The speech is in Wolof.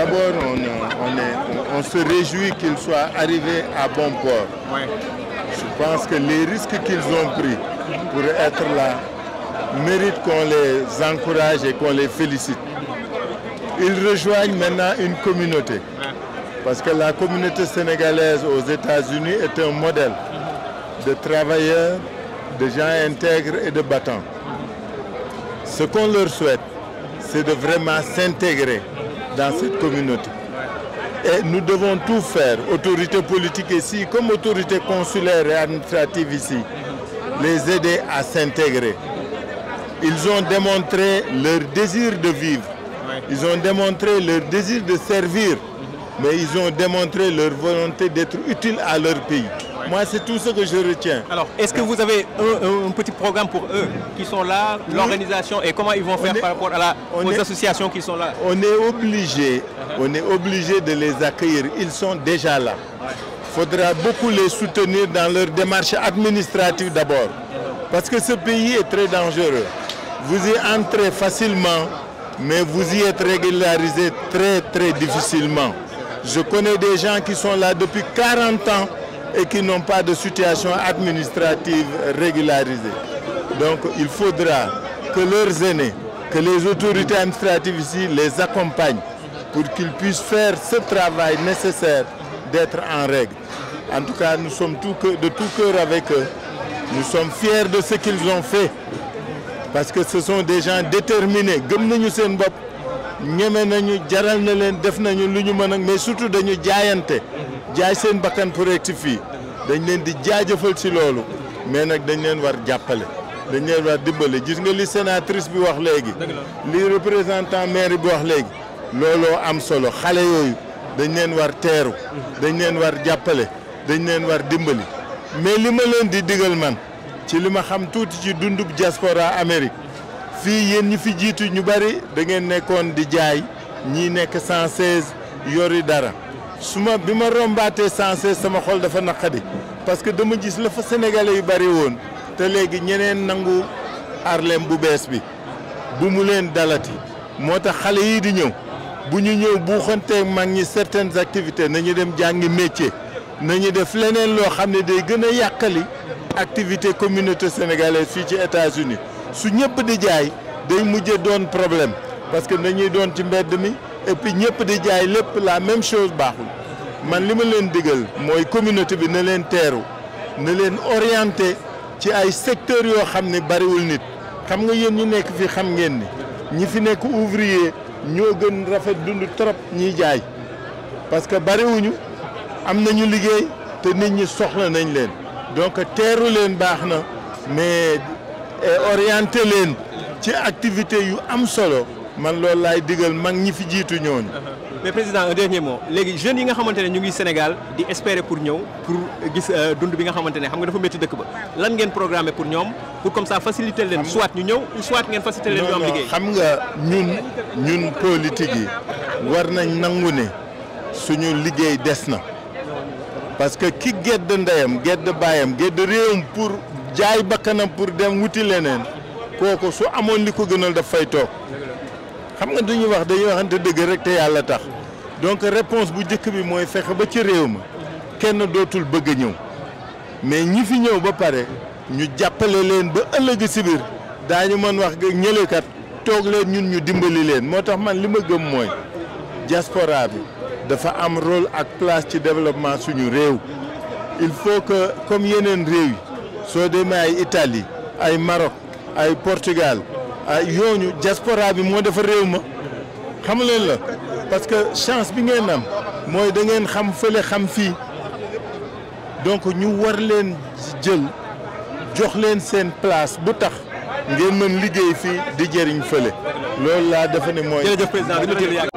d'abord, on, on, est, on, se réjouit qu'ils soient arrivés à bon port. Je pense que les risques qu'ils ont pris pour être là méritent qu'on les encourage et qu'on les félicite. Ils rejoignent maintenant une communauté. Parce que la communauté sénégalaise aux États-Unis est un modèle de travailleurs, de gens intègres et de battants. Ce qu'on leur souhaite, c'est de vraiment s'intégrer dans cette communauté. Et nous devons tout faire, autorité politique ici, comme autorité consulaire et administrative ici, les aider à s'intégrer. Ils ont démontré leur désir de vivre, ils ont démontré leur désir de servir, mais ils ont démontré leur volonté d'être utile à leur pays. Moi, c'est tout ce que je retiens. Alors, est-ce que vous avez un, un, petit programme pour eux qui sont là, l'organisation, et comment ils vont faire est, par rapport à la, aux est, associations qui sont là On est obligé, uh -huh. on est obligé de les accueillir. Ils sont déjà là. Il faudra beaucoup les soutenir dans leur démarche administrative d'abord. Parce que ce pays est très dangereux. Vous y entrez facilement, mais vous y êtes régularisé très très difficilement. Je connais des gens qui sont là depuis 40 ans et qui n'ont pas de situation administrative régularisée. Donc il faudra que leurs aînés, que les autorités administratives ici les accompagnent pour qu'ils puissent faire ce travail nécessaire d'être en règle. En tout cas, nous sommes que, de tout cœur avec eux. Nous sommes fiers de ce qu'ils ont fait parce que ce sont des gens déterminés. ñeme nañu jaral na leen def nañu lu ñu mën ak mais surtout dañu jaayante jaay seen bakkan pour egg si fii dañ leen di jaajëfal si loolu mais nag dañu leen war jàppale dañ leen war dimbale gis nga li sénatrice bi wax léegi li représentant maire bi wax léegi looloo am solo xale yooyu dañ leen war teeru dañ leen war jàppale dañ leen war dimbali mais li ma leen di digal man ci li ma xam tuuti ci dundub diaspora Amérique fii yéen ñi fi jiitu ñu bari da ngeen nekkoon di jaay ñii nekk yor yi dara su ma bi ma rombaatee 116 sama xol dafa naqadi parce que dama gis la fa sénégalais yu bari woon te léegi ñeneen nangu arlem bu bees bi bu mu leen dalati moo tax xale yii di ñëw bu ñu ñëw buuxanteeg mag ñi certaines activités nañu dem jàngi métier nañu def leneen loo xam ne day gën a yàqali activités communauté sénégalaise fii ci États-Unis su ñëpp di jaay day mujje doon problème parce que dañuy doon ci mbedd mi et puis ñëpp di jaay lépp la même chose baaxul man li ma leen digal mooy communauté bi na leen teeru na leen orienté ci ay secteurs yoo xam ne bariwul nit xam nga yéen ñu nekk fi xam ngeen ni ñi fi nekk ouvrier ñoo gën rafet dund trop ñiy jaay parce que bariwuñu am nañu liggéey te nit ñi soxla nañ leen donc teeru leen baax na mais oriente leen ci activité yu am solo man loolu laay digal mag ñi fi jiitu ñooñu. mais président un dernier mot léegi jeunes yi nga xamante ne ñu ngi Sénégal di espérer pour ñëw pour gis euh, dund bi nga xamante ne xam nga dafa métti dëkk ba lan ngeen programmer pour ñoom pour comme ça faciliter leen. suwaat ñu ñëw soit ngeen faciliter leen. ñu am liggéey xam nga ñun ñun politique yi war nañ nangu ne suñu liggéey des na parce que ki gedd ndeyam gedd baayam gedd réewam pour jaay bakkanam pour dem wuti leneen kooku su amoon li ko gënal daf fay toog xam nga duñu wax dañuy waxante dëgg rek te yàlla tax donc réponse bu njëkk bi mooy fexe ba ci réew ma kenn dootul bëgg ñëw mais ñi fi ñëw ba pare ñu jàppale leen ba ëllëg si daañu mën wax ñëlekat toog leen ñun ñu dimbali leen moo tax man li ma gëm mooy diaspora bi dafa am rôle ak place ci développement suñu réew il faut que comme yeneen réew yi soo demee ay Italie ay Maroc ay Portugal ay yooñu diaspora bi moo defar réew ma xam leen la parce que chance bi ngeen am mooy da ngeen xam fële xam fii donc ñu war leen jël jox leen seen place bu tax ngeen mën liggéey fii di jëriñ fële loolu laa dafa ne mooy. jërëjëf président